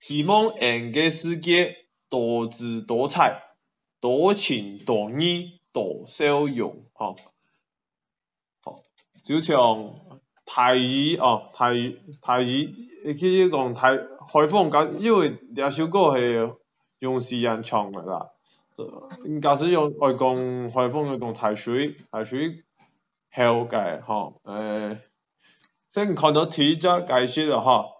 希望恩個世界多姿多彩、多情多義、多笑容。吓、啊啊，小強，泰語哦，泰語泰語，你直接講泰開放，因為呢首歌係用四縣唱嘅啦。假使用外講海風嘅講泰語，泰語好嘅，吓、啊、誒，先、呃、看到題咗介紹啦，吓。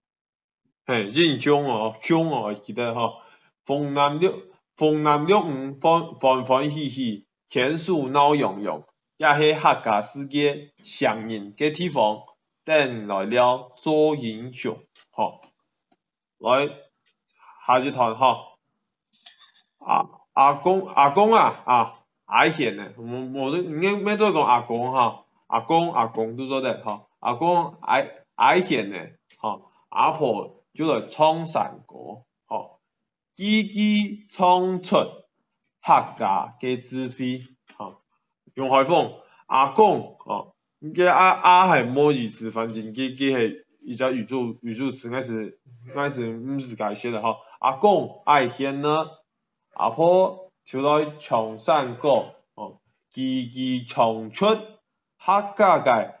嘿，英雄哦，英哦，記得哈。紅男綠，紅男綠女，風，歡歡喜喜，牽手鬧洋洋，也是客家世界餳人個地方。等來尞做英雄，哈，來下一段哈。阿、啊、阿公，阿公啊，阿挨弦仔，無無做，唔要唔要做講阿公哈、啊。阿公，阿公，都做對哈。阿公矮挨弦仔哈，阿婆。啊啊啊啊啊啊就來唱山歌，吼，句句唱出客家嘅智慧吼，用海放，阿公，哦，你嘅阿阿係麼子詞？反正佮佮係一隻語助語助詞，開始開始唔是該寫嘞，吼。阿公愛弦呢，阿婆就來唱山歌，哦，句句唱出客家嘅。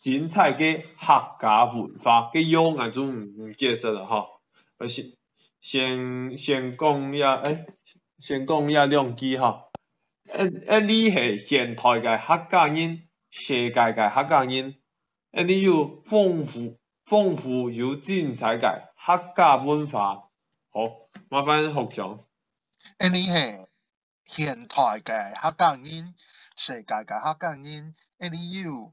精彩嘅客家文化嘅樣，阿總唔結束啦吼！先先先講一，先講一兩、欸、句吼。誒誒、欸欸，你係現代嘅客家人，世界嘅客家人，誒、欸，你要豐富豐富，富有精彩嘅客家文化。好，麻煩學長。誒、欸，你係現代嘅客家人，世界嘅客家人，欸，你有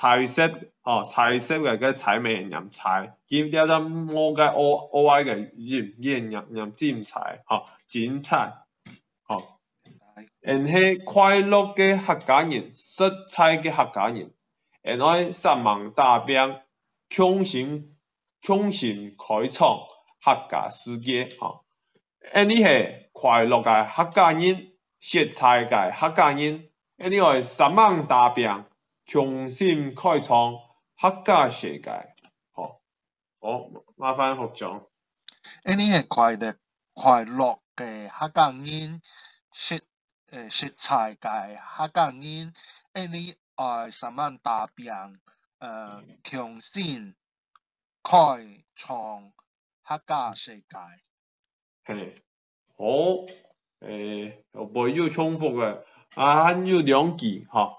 彩色哦，彩色嘅個彩味人柴，兼啲一盞摩雞屙屙矮嘅鹽，啲人人人精彩哦，精彩哦。恩係快樂嘅客家人，實在嘅客家人，恩愛煞猛打拚，共心共心開創客家世界哦。恩係快樂嘅客家人，實在嘅客家人，恩愛煞猛打拚。重新開創客家世界，好好麻煩學長。誒、欸，你係快樂嘅客家人，食誒、呃、食材個客家人。誒、欸，你愛煞猛打拚誒、呃嗯？重新開創客家世界。係，好誒、欸，我唔要重複嘅，啊有兩句嚇。哈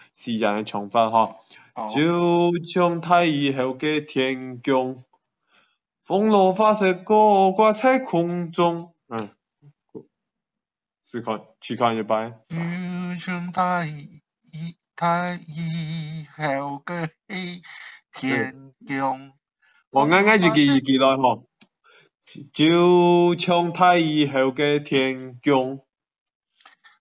自然的長髮，哈，就、oh. 像大雨後個天弓，紅羅花色高掛在空中，嗯，試看，試看一擺。就像大雨，大雨後個天弓，嗯，我啱啱就記起來，哈，就像大雨後個天弓。